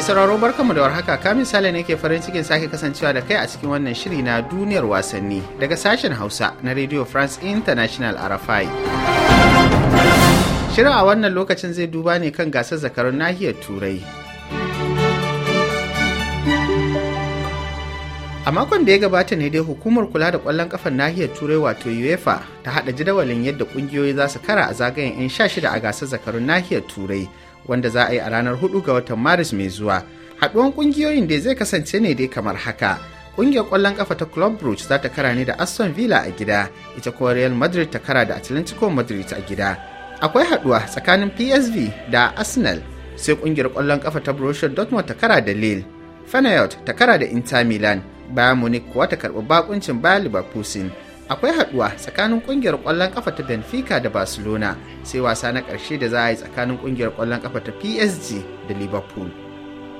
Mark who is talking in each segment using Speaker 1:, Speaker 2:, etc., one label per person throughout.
Speaker 1: Mai sauraro barkanmu da warhaka ka misali ne ke farin cikin sake kasancewa da kai a cikin wannan shiri na duniyar wasanni daga sashen Hausa na Radio France International RFI. Shirin a wannan lokacin zai duba ne kan gasar zakarun nahiyar Turai. A makon da ya gabata ne dai hukumar kula da kwallon kafar nahiyar Turai wato UEFA ta haɗa jadawalin yadda ƙungiyoyi za su kara a zagayen 'yan sha shida a gasar zakarun nahiyar Turai. wanda za a yi a ranar 4 ga watan maris mai zuwa haɗuwan ƙungiyoyin da zai kasance ne dai kamar haka ƙungiyar ƙwallon ƙafa ta club brugge za ta kara ne da aston villa a gida ita kuma real madrid ta kara da atlantico madrid a gida akwai haɗuwa tsakanin psv da arsenal sai ƙungiyar ƙwallon ƙafa ta borussia dortmund ta kara da lille feyenoord ta kara da inter milan bayan munich kuwa ta karɓi bakuncin bayan leverkusen akwai haduwa tsakanin kungiyar kwallon kafa ta benfica da barcelona sai wasa na ƙarshe da za a yi tsakanin kungiyar kwallon kafa ta psg da liverpool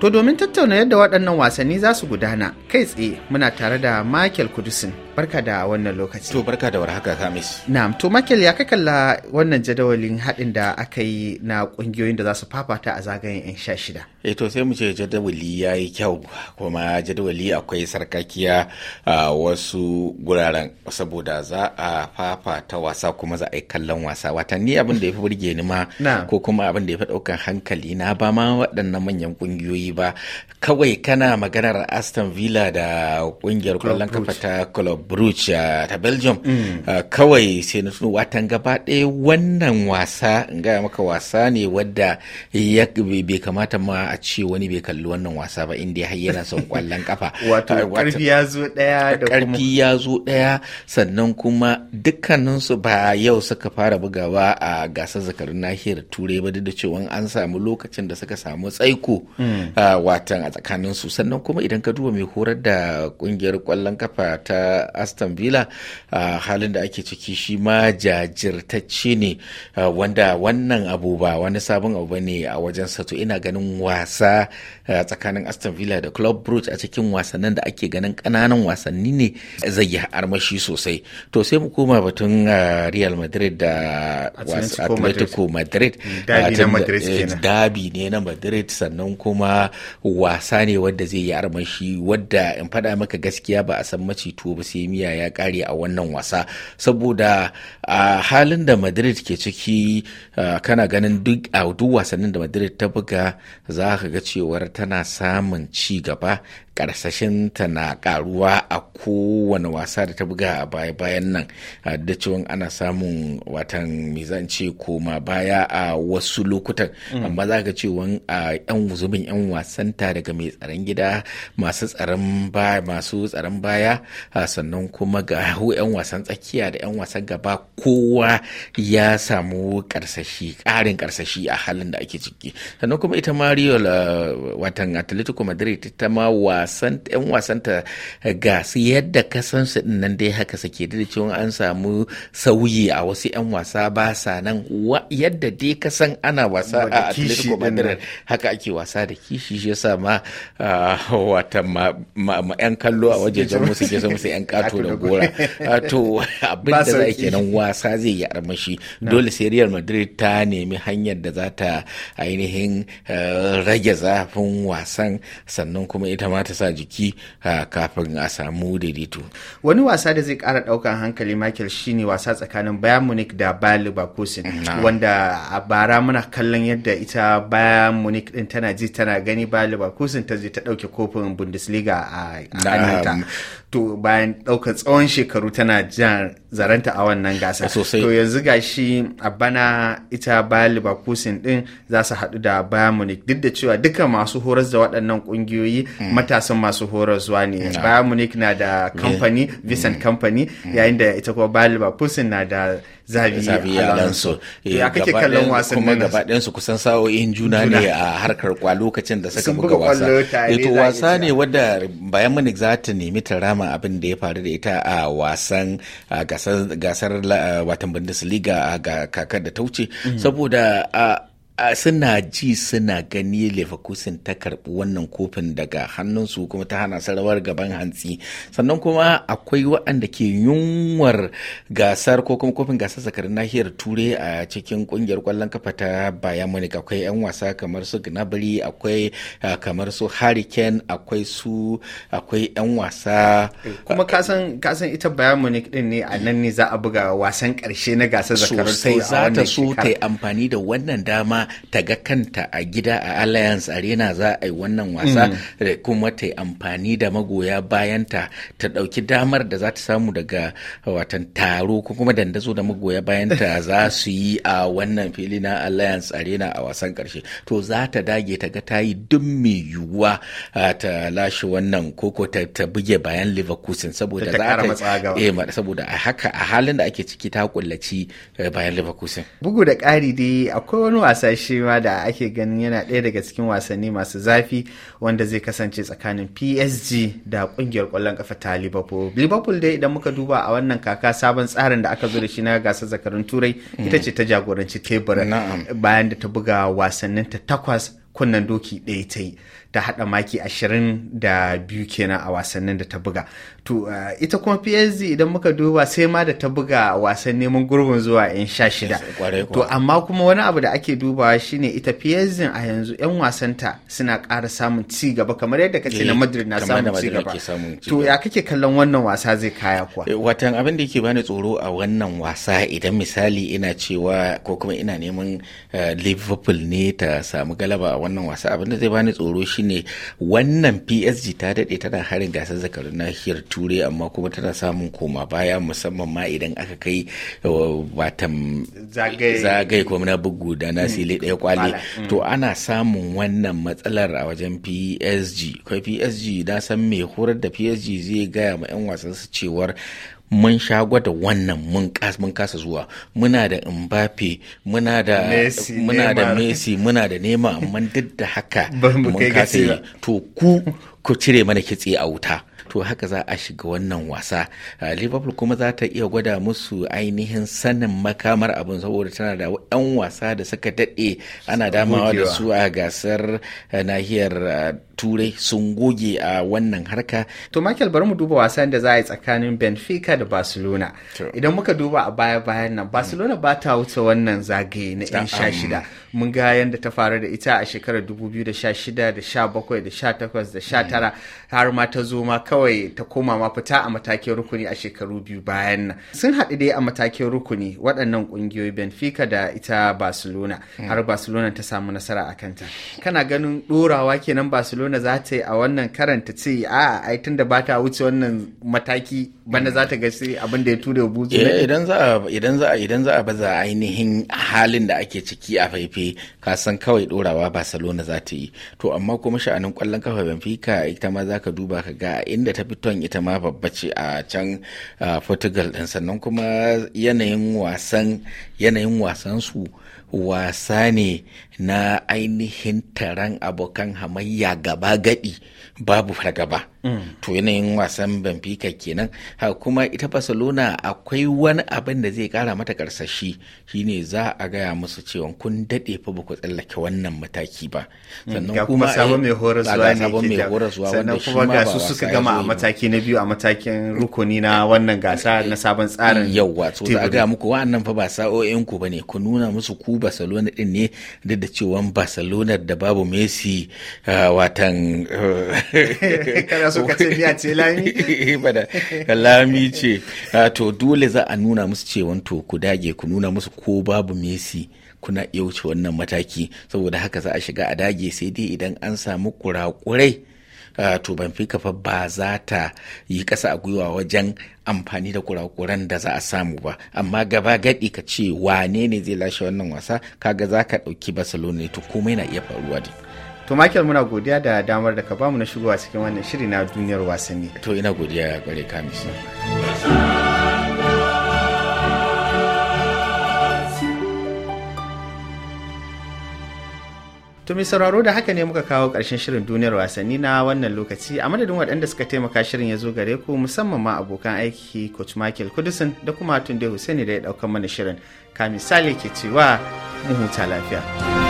Speaker 1: To domin tattauna yadda waɗannan wasanni za su gudana kai tsaye muna tare da Michael Kudusin. Barka da wannan lokaci. To barka da warhaka Kamis. Na'am to Michael ya kakalla wannan jadawalin haɗin da aka yi na ƙungiyoyin da za su fafata a zagayen 'yan sha shida.
Speaker 2: E to sai mu ce jadawali ya yi kyau kuma jadawali akwai sarkakiya a wasu guraren saboda za a fafata wasa kuma za a yi kallon wasa watanni abin da ya fi burge ni ma ko kuma abin da ya fi ɗaukan hankali na ba ma waɗannan manyan ƙungiyoyi ba kawai kana maganar aston villa da kungiyar kwallon kafa ta club brugge ta belgium mm. ah, kawai sai na tunuwa watan gaba ɗaya wannan wasa in gaya maka wasa ne wadda ya bai kamata ma a ce wani bai kalli wannan wasa ba inda ya hayyana son kwallon kafa wato karfi ah, ya zo ɗaya da karfi ya zo daya sannan kuma dukkaninsu ba yau suka fara bugawa a gasar zakarun nahiyar turai ba duk da cewa an samu lokacin da suka samu tsaiko mm. watan a tsakanin su sannan kuma idan ka duba mai horar da kungiyar kwallon kafa ta aston villa a halin da ake ciki shi ma jajirtacce ne wanda wannan abu ba wani sabon abu ne a wajen sato ina ganin wasa tsakanin aston villa da club bruce a cikin wasannin da ake ganin kananan wasanni ne zai yi armashi sosai to sai mu koma batun real madrid da atletico madrid eh, dabi ne na madrid sannan kuma wasa ne wanda zai yi armashi wadda in faɗa maka gaskiya ba a san tuwo ba sai miya ya kare a wannan wasa saboda a halin da madrid ke ciki kana ganin duk a duk wasannin da madrid ta buga za ka ga cewar tana samun ci gaba ta na ƙaruwa a kowane wasa da ta buga a baya-bayan nan da cewa ana samun watan mizance koma baya a wasu lokutan mm. amma za ka ce a yan wasanta daga mai tsaron gida masu tsaron baya masu tsaron baya sannan kuma ga 'yan wasan tsakiya da 'yan wasan gaba kowa ya samu karsashi ƙarin karsashi a halin da ake ciki sannan kuma ita ma real watan atletico madrid ta ma wasan 'yan wasanta ga su yadda ka san su din nan dai haka sake da cewa an samu sauyi a wasu 'yan wasa ba sa nan yadda dai ka san ana wasa a atletico madrid haka ake wasa da kishi shi shi yasa ma wata ma 'yan kallo a wajejen musu ke musu 'yan kato da gora to abin da za kenan wasa zai yi armashi dole sai real madrid ta nemi hanyar da za ta ainihin rage zafin wasan sannan kuma ita ma ta sa jiki kafin
Speaker 1: a samu daidaito wani wasa da zai kara daukan hankali michael shine wasa tsakanin bayern munich da bayan leverkusen wanda a bara muna kallon yadda ita bayan munich din tana ji tana gani ba Leverkusen ta je ta dauke kofin Bundesliga a Amurka to bayan daukar tsawon shekaru tana jan zaranta a wannan gasa to yanzu gashi a bana ita ba Leverkusen din za su haɗu da Bayern Munich duk da cewa duka masu horar da waɗannan kungiyoyi mm. matasan masu horar zuwa ne Bayern Munich na da kamfani mm. Vincent kamfani mm. yayin da ita kuma liba Leverkusen na da Zabi Alonso ya kake kallon wasannin kuma gaba
Speaker 2: su kusan sa'o'in juna ne a harkar kwa lokacin da suka buga wasa eh, to wasa ne wadda bayan munich za ta nemi ta rama abin da ya faru da ita a wasan gasar watan bundesliga a kakar da ta wuce mhm. saboda suna ji suna gani leverkusen ta karbi wannan kofin daga hannunsu kuma ta hana sarawar gaban hantsi sannan kuma akwai waɗanda ke yunwar gasar ko kuma kofin gasar zakarin nahiyar ture a cikin kungiyar kwallon kafa ta bayan munich akwai 'yan wasa kamar su gnabry akwai kamar su hurricane akwai su akwai 'yan
Speaker 1: wasa kuma kasan kasan ita bayan munich din ne a nan ne za a buga wasan karshe na gasar zakarin sosai za ta so ta yi amfani da wannan dama ta ga kanta a gida
Speaker 2: a alliance arena za a yi wannan wasa mm. da kuma ta yi amfani da magoya bayanta ta ɗauki damar da za ta samu daga watan taro ko kuma dandazo da magoya bayanta za su yi a wannan fili na alliance arena a wasan ƙarshe to za ta dage ta ga ta yi duk mai yiwuwa ta lashe wannan koko ta buge bayan leverkusen saboda za ta eh, saboda a haka a halin da ake ciki ta kullaci eh, bayan leverkusen
Speaker 1: bugu da ƙari dai akwai wani wasa shi ma da ake ganin yana ɗaya daga cikin wasanni masu zafi wanda zai kasance tsakanin PSG da kungiyar ƙwallon ƙafa ta Liverpool. Liverpool dai idan muka duba a wannan kaka sabon tsarin da aka zo da shi na gasar zakarun Turai ita ce ta jagoranci tebura bayan da ta buga wasannin ta takwas kunnen doki ɗaya ta yi ta haɗa maki 22 kenan a wasannin da ta buga to uh, ita kuma psg idan muka duba sai ma da ta buga wasan neman gurbin zuwa 'yan sha shida to amma kuma wani abu da ake dubawa shine ita psg a yanzu 'yan wasanta suna ƙara samun ci gaba kamar yadda kace na eh, madrid na samun ci gaba to ya kake kallon wannan wasa zai kaya kuwa eh, watan abin da yake bani tsoro a wannan wasa idan
Speaker 2: misali ina cewa ko kuma ina neman eh, liverpool ne ta samu galaba a wannan wasa abin da zai bani tsoro shi shine wannan PSG ta daɗe tana harin gasar zakarun nahiyar Turai amma kuma tana samun koma baya musamman ma idan aka kai uh, watan zagaye kuma na bugu da na hmm. sile ɗaya kwali hmm. to ana samun wannan matsalar a wajen PSG kai PSG na san mai horar da PSG zai gaya ma 'yan wasan su cewar mun sha gwada wannan mun kasa zuwa muna da Mbappe muna da muna da Messi muna da nema amma duk da haka mun kasa to ku ku cire mana kitse a wuta to haka za a shiga wannan wasa liverpool kuma za ta iya gwada musu ainihin sanin makamar abin saboda tana da 'yan wasa da suka daɗe ana damawa da su a gasar
Speaker 1: nahiyar turai sun goge a wannan harka to michael bari mu duba wasan da za a yi tsakanin benfica da barcelona idan muka duba a baya bayan nan barcelona ba ta wuce wannan zagaye na 'yan sha shida mun ga yadda ta faru da ita a shekarar 2016 da 17 da 18 da 19 mm. har ma ta zo ma kawai kawai ta koma ma fita a matakin rukuni a shekaru biyu bayan nan sun haɗu dai a matakin rukuni waɗannan ƙungiyoyi benfica da ita barcelona hmm. har barcelona ta samu nasara a kanta kana ganin ɗorawa kenan barcelona za ta yi a wannan karanta ce a ai tun da ba ta wuce wannan mataki banda za ta ga sai abin da ya ture buzu eh, idan za idan za idan
Speaker 2: za a baza ainihin halin da ake ciki a faife ka san kawai ɗorawa barcelona za ta yi to amma kuma sha'anin ƙwallon kafa benfica ita ma za ka duba ka ga inda da ta fiton ita ma babba ce a can portugal ɗin sannan kuma yanayin wasan yanayin wasan su wasa ne na ainihin taron abokan hamayya gaba gadi babu fargaba to yanayin wasan benfica kenan kuma ita barcelona akwai wani abin da zai kara mata karsashi shine za a gaya musu cewa kun dade fa ba ku tsallake wannan mataki ba
Speaker 1: hmm, sannan kuma sabon eh, mai horaswa ne sabon mai horaswa wanda shi ma ba su suka gama a mataki na biyu a matakin rukuni na wannan gasa na sabon tsarin yawa to za a gaya muku wa'annan fa ba
Speaker 2: sa'o'in ku bane ku nuna musu ku barcelona din ne duk da cewa barcelona da babu messi ah, watan
Speaker 1: so ka ce a ce lami
Speaker 2: eh bada lami ce ah, to dole za a nuna musu cewa to ku dage ku nuna musu ko babu Messi kuna iya wuce wannan mataki saboda haka za a shiga a dage sai dai idan an samu kurakurai Uh, to fi kafa ba za ta yi kasa a gwiwa wajen amfani da kurakuran da za a samu ba amma gaba gadi ka ce wane ne zai lashe wannan wasa kaga za ka ɗauki barcelona to komai na iya faruwa ne.
Speaker 1: To Michael muna godiya da damar da ka bamu na shigowa cikin wannan shiri na duniyar wasanni. To ina godiya kware kamis. To mai sauraro da haka ne muka kawo ƙarshen shirin duniyar wasanni na wannan lokaci a madadin waɗanda suka taimaka shirin ya zo gare ku musamman ma abokan aiki coach Michael Kudusin da kuma Tunde Hussaini da ya ɗaukan mana shirin. Ka misali ke cewa mu huta lafiya.